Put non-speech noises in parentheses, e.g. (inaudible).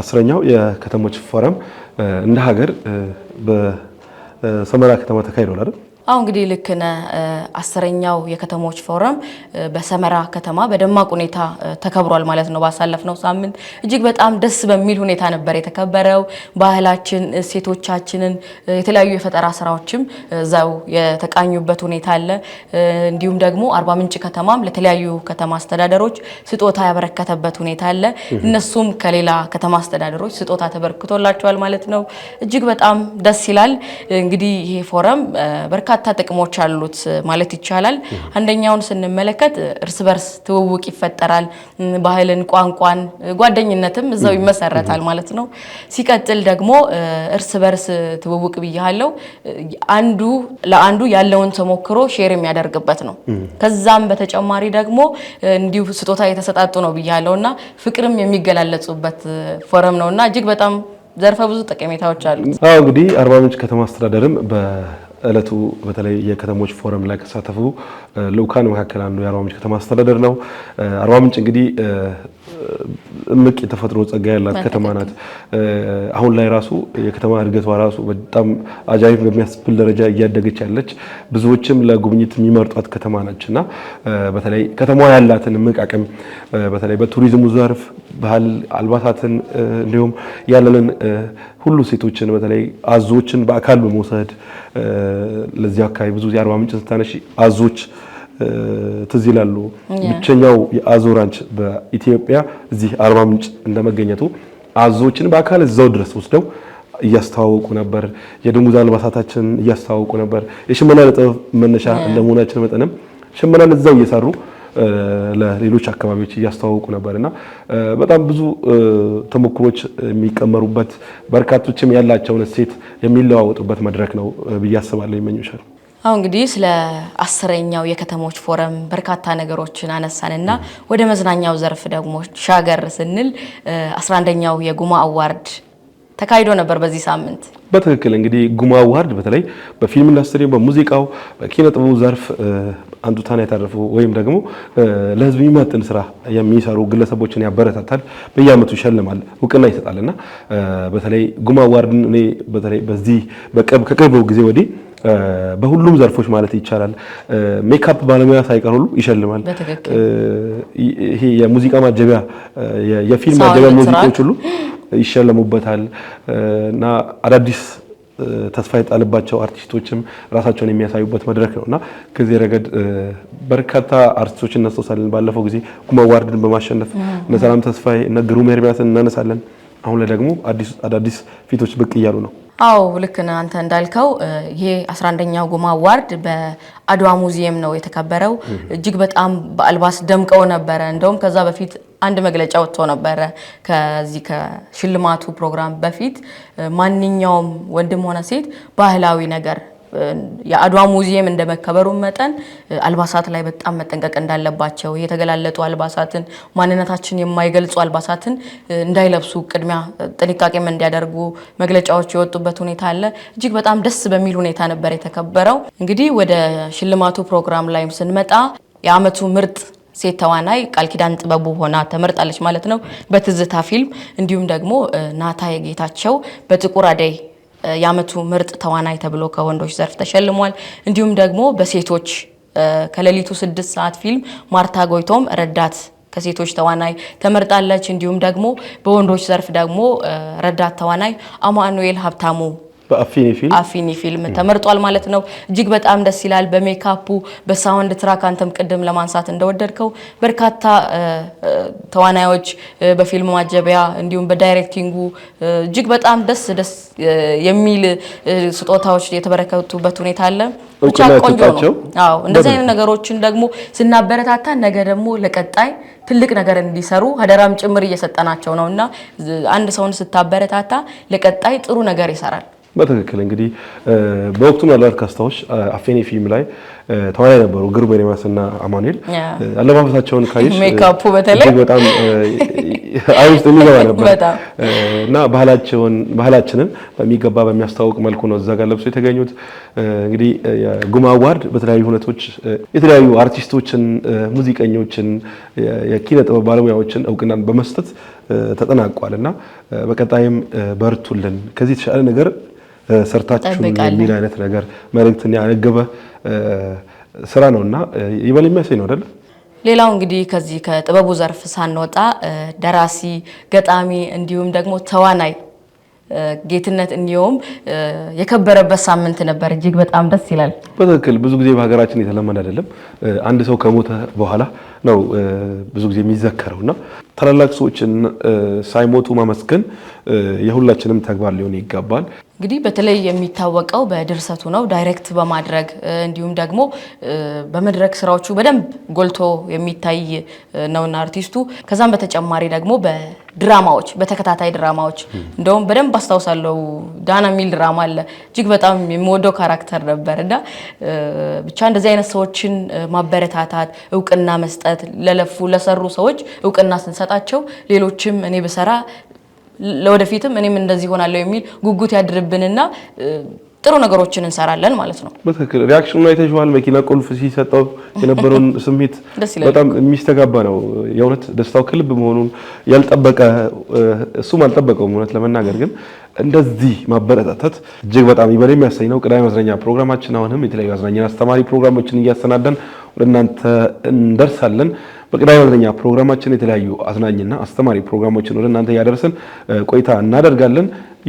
አስረኛው የከተሞች ፎረም እንደ ሀገር በሰመራ ከተማ ተካሂዷል አይደል? አሁ እንግዲህ ልክ ነ አስረኛው የከተሞች ፎረም በሰመራ ከተማ በደማቅ ሁኔታ ተከብሯል ማለት ነው። ባሳለፍነው ሳምንት እጅግ በጣም ደስ በሚል ሁኔታ ነበር የተከበረው። ባህላችን፣ እሴቶቻችንን የተለያዩ የፈጠራ ስራዎችም እዛው የተቃኙበት ሁኔታ አለ። እንዲሁም ደግሞ አርባ ምንጭ ከተማም ለተለያዩ ከተማ አስተዳደሮች ስጦታ ያበረከተበት ሁኔታ አለ። እነሱም ከሌላ ከተማ አስተዳደሮች ስጦታ ተበርክቶላቸዋል ማለት ነው። እጅግ በጣም ደስ ይላል። እንግዲህ ይሄ ፎረም በርካታ በርካታ ጥቅሞች አሉት ማለት ይቻላል። አንደኛውን ስንመለከት እርስ በርስ ትውውቅ ይፈጠራል። ባህልን፣ ቋንቋን፣ ጓደኝነትም እዛው ይመሰረታል ማለት ነው። ሲቀጥል ደግሞ እርስ በርስ ትውውቅ ብያለው አንዱ ለአንዱ ያለውን ተሞክሮ ሼር የሚያደርግበት ነው። ከዛም በተጨማሪ ደግሞ እንዲሁ ስጦታ የተሰጣጡ ነው ብያለው እና ፍቅርም የሚገላለጹበት ፎረም ነው እና እጅግ በጣም ዘርፈ ብዙ ጠቀሜታዎች አሉት። አዎ እንግዲህ አርባ ምንጭ ከተማ አስተዳደርም እለቱ በተለይ የከተሞች ፎረም ላይ ከተሳተፉ ልኡካን መካከል አንዱ የአርባ ምንጭ ከተማ አስተዳደር ነው። አርባ ምንጭ እንግዲህ እምቅ የተፈጥሮ ጸጋ ያላት ከተማ ናት። አሁን ላይ ራሱ የከተማ እድገቷ ራሱ በጣም አጃይብ በሚያስብል ደረጃ እያደገች ያለች ብዙዎችም ለጉብኝት የሚመርጧት ከተማ ናች እና በተለይ ከተማዋ ያላትን እምቅ አቅም በተለይ በቱሪዝሙ ዘርፍ ባህል አልባሳትን፣ እንዲሁም ያለንን ሁሉ ሴቶችን በተለይ አዞችን በአካል በመውሰድ ለዚህ አካባቢ ብዙ የአርባ ምንጭ ስታነሺ አዞች ትዝ ይላሉ። ብቸኛው የአዞ ራንች በኢትዮጵያ እዚህ አርባ ምንጭ እንደመገኘቱ አዞችን በአካል እዛው ድረስ ወስደው እያስተዋወቁ ነበር። የድንጉዛ አልባሳታችን እያስተዋወቁ ነበር። የሽመና ጥበብ መነሻ እንደመሆናችን መጠንም ሽመናን እዛው እየሰሩ ለሌሎች አካባቢዎች እያስተዋወቁ ነበር እና በጣም ብዙ ተሞክሮች የሚቀመሩበት በርካቶችም ያላቸውን እሴት የሚለዋወጡበት መድረክ ነው ብዬ አስባለሁ። ይመኙሻል። አሁን እንግዲህ ስለ አስረኛው የከተሞች ፎረም በርካታ ነገሮችን አነሳንና ወደ መዝናኛው ዘርፍ ደግሞ ሻገር ስንል አስራ አንደኛው የጉማ አዋርድ ተካሂዶ ነበር በዚህ ሳምንት። በትክክል እንግዲህ ጉማ አዋርድ በተለይ በፊልም ኢንዱስትሪ፣ በሙዚቃው፣ በኪነ ጥበቡ ዘርፍ አንቱታን ያተረፉ ወይም ደግሞ ለህዝብ የሚመጥን ስራ የሚሰሩ ግለሰቦችን ያበረታታል፣ በየዓመቱ ይሸልማል፣ እውቅና ይሰጣልና በተለይ ጉማ አዋርድን እኔ በተለይ በዚህ ከቅርብ ጊዜ ወዲህ በሁሉም ዘርፎች ማለት ይቻላል ሜካፕ ባለሙያ ሳይቀር ሁሉ ይሸልማል። ይሄ የሙዚቃ ማጀቢያ፣ የፊልም ማጀቢያ ሙዚቆች ሁሉ ይሸለሙበታል እና አዳዲስ ተስፋ የጣለባቸው አርቲስቶችም ራሳቸውን የሚያሳዩበት መድረክ ነው እና ከዚህ ረገድ በርካታ አርቲስቶች እናስታውሳለን። ባለፈው ጊዜ ጉማ በማሸነፍ እነ ሰላም ተስፋዬ፣ እነ ግሩም ኤርሚያስን እናነሳለን። አሁን ላይ ደግሞ አዳዲስ ፊቶች ብቅ እያሉ ነው። አዎ ልክ ነህ አንተ እንዳልከው ይሄ 11ኛው ጉማ አዋርድ በአድዋ ሙዚየም ነው የተከበረው። እጅግ በጣም በአልባስ ደምቀው ነበረ። እንደውም ከዛ በፊት አንድ መግለጫ ወጥቶ ነበረ። ከዚህ ከሽልማቱ ፕሮግራም በፊት ማንኛውም ወንድም ሆነ ሴት ባህላዊ ነገር የአድዋ ሙዚየም እንደመከበሩ መጠን አልባሳት ላይ በጣም መጠንቀቅ እንዳለባቸው የተገላለጡ አልባሳትን ማንነታችን የማይገልጹ አልባሳትን እንዳይለብሱ ቅድሚያ ጥንቃቄም እንዲያደርጉ መግለጫዎች የወጡበት ሁኔታ አለ። እጅግ በጣም ደስ በሚል ሁኔታ ነበር የተከበረው። እንግዲህ ወደ ሽልማቱ ፕሮግራም ላይም ስንመጣ የአመቱ ምርጥ ሴት ተዋናይ ቃልኪዳን ጥበቡ ሆና ተመርጣለች ማለት ነው በትዝታ ፊልም። እንዲሁም ደግሞ ናታ የጌታቸው በጥቁር አደይ የአመቱ ምርጥ ተዋናይ ተብሎ ከወንዶች ዘርፍ ተሸልሟል። እንዲሁም ደግሞ በሴቶች ከሌሊቱ ስድስት ሰዓት ፊልም ማርታ ጎይቶም ረዳት ከሴቶች ተዋናይ ተመርጣለች። እንዲሁም ደግሞ በወንዶች ዘርፍ ደግሞ ረዳት ተዋናይ አማኑኤል ሀብታሙ በአፊኒ ፊልም ተመርጧል ማለት ነው። እጅግ በጣም ደስ ይላል። በሜካፑ በሳውንድ ትራክ አንተም ቅድም ለማንሳት እንደወደድከው በርካታ ተዋናዮች በፊልም ማጀቢያ እንዲሁም በዳይሬክቲንጉ እጅግ በጣም ደስ ደስ የሚል ስጦታዎች የተበረከቱበት ሁኔታ አለ። ብቻ ቆንጆ ነው። አዎ እንደዚህ አይነት ነገሮችን ደግሞ ስናበረታታ ነገ ደግሞ ለቀጣይ ትልቅ ነገር እንዲሰሩ ሀደራም ጭምር እየሰጠናቸው ነው እና አንድ ሰውን ስታበረታታ ለቀጣይ ጥሩ ነገር ይሰራል። በትክክል እንግዲህ በወቅቱ ምናልባት ካስታዎች አፌኔ ፊልም ላይ ተዋናይ ነበሩ ግርማ ኤርሚያስ እና አማኑኤል። አለባበሳቸውን ካይሽ ሜካፑ በተለይ በጣም ውስጥ የሚገባ ነበር እና ባህላችንን በሚገባ በሚያስተዋውቅ መልኩ ነው እዛ ጋር ለብሶ የተገኙት። እንግዲህ ጉማ አዋርድ በተለያዩ ሁነቶች የተለያዩ አርቲስቶችን፣ ሙዚቀኞችን፣ የኪነ ጥበብ ባለሙያዎችን እውቅናን በመስጠት ተጠናቋል እና በቀጣይም በርቱልን ከዚህ የተሻለ ነገር ሰርታችሁ የሚል አይነት ነገር መልእክትን ያነገበ ስራ ነው እና ይበል የሚያሰኝ ነው አይደለም። ሌላው እንግዲህ ከዚህ ከጥበቡ ዘርፍ ሳንወጣ ደራሲ፣ ገጣሚ እንዲሁም ደግሞ ተዋናይ ጌትነት እንዲሁም የከበረበት ሳምንት ነበር። እጅግ በጣም ደስ ይላል። በትክክል ብዙ ጊዜ በሀገራችን የተለመደ አይደለም። አንድ ሰው ከሞተ በኋላ ነው ብዙ ጊዜ የሚዘከረው እና ታላላቅ ሰዎችን ሳይሞቱ ማመስገን የሁላችንም ተግባር ሊሆን ይገባል። እንግዲህ በተለይ የሚታወቀው በድርሰቱ ነው፣ ዳይሬክት በማድረግ እንዲሁም ደግሞ በመድረክ ስራዎቹ በደንብ ጎልቶ የሚታይ ነውና አርቲስቱ። ከዛም በተጨማሪ ደግሞ በድራማዎች በተከታታይ ድራማዎች እንደውም በደንብ አስታውሳለሁ፣ ዳና የሚል ድራማ አለ። እጅግ በጣም የሚወደው ካራክተር ነበር እና ብቻ እንደዚህ አይነት ሰዎችን ማበረታታት፣ እውቅና መስጠት፣ ለለፉ ለሰሩ ሰዎች እውቅና ስንሰጣቸው ሌሎችም እኔ ብሰራ ለወደፊትም እኔም እንደዚህ ሆናለሁ የሚል ጉጉት ያድርብንና ጥሩ ነገሮችን እንሰራለን ማለት ነው። በትክክል ሪያክሽኑ አይተሽዋል። መኪና ቁልፍ ሲሰጠው የነበረውን (laughs) ስሜት በጣም የሚስተጋባ ነው። የእውነት ደስታው ከልብ መሆኑን ያልጠበቀ እሱም አልጠበቀውም። እውነት ለመናገር ግን እንደዚህ ማበረታታት እጅግ በጣም ይበል የሚያሰኝ ነው። ቅዳሜ መዝናኛ ፕሮግራማችን አሁንም የተለያዩ አዝናኝን አስተማሪ ፕሮግራሞችን እያሰናዳን ወደ እናንተ እንደርሳለን። በቅዳሜ መዝናኛ ፕሮግራማችን የተለያዩ አዝናኝና አስተማሪ ፕሮግራሞችን ወደ እናንተ እያደረስን ቆይታ እናደርጋለን።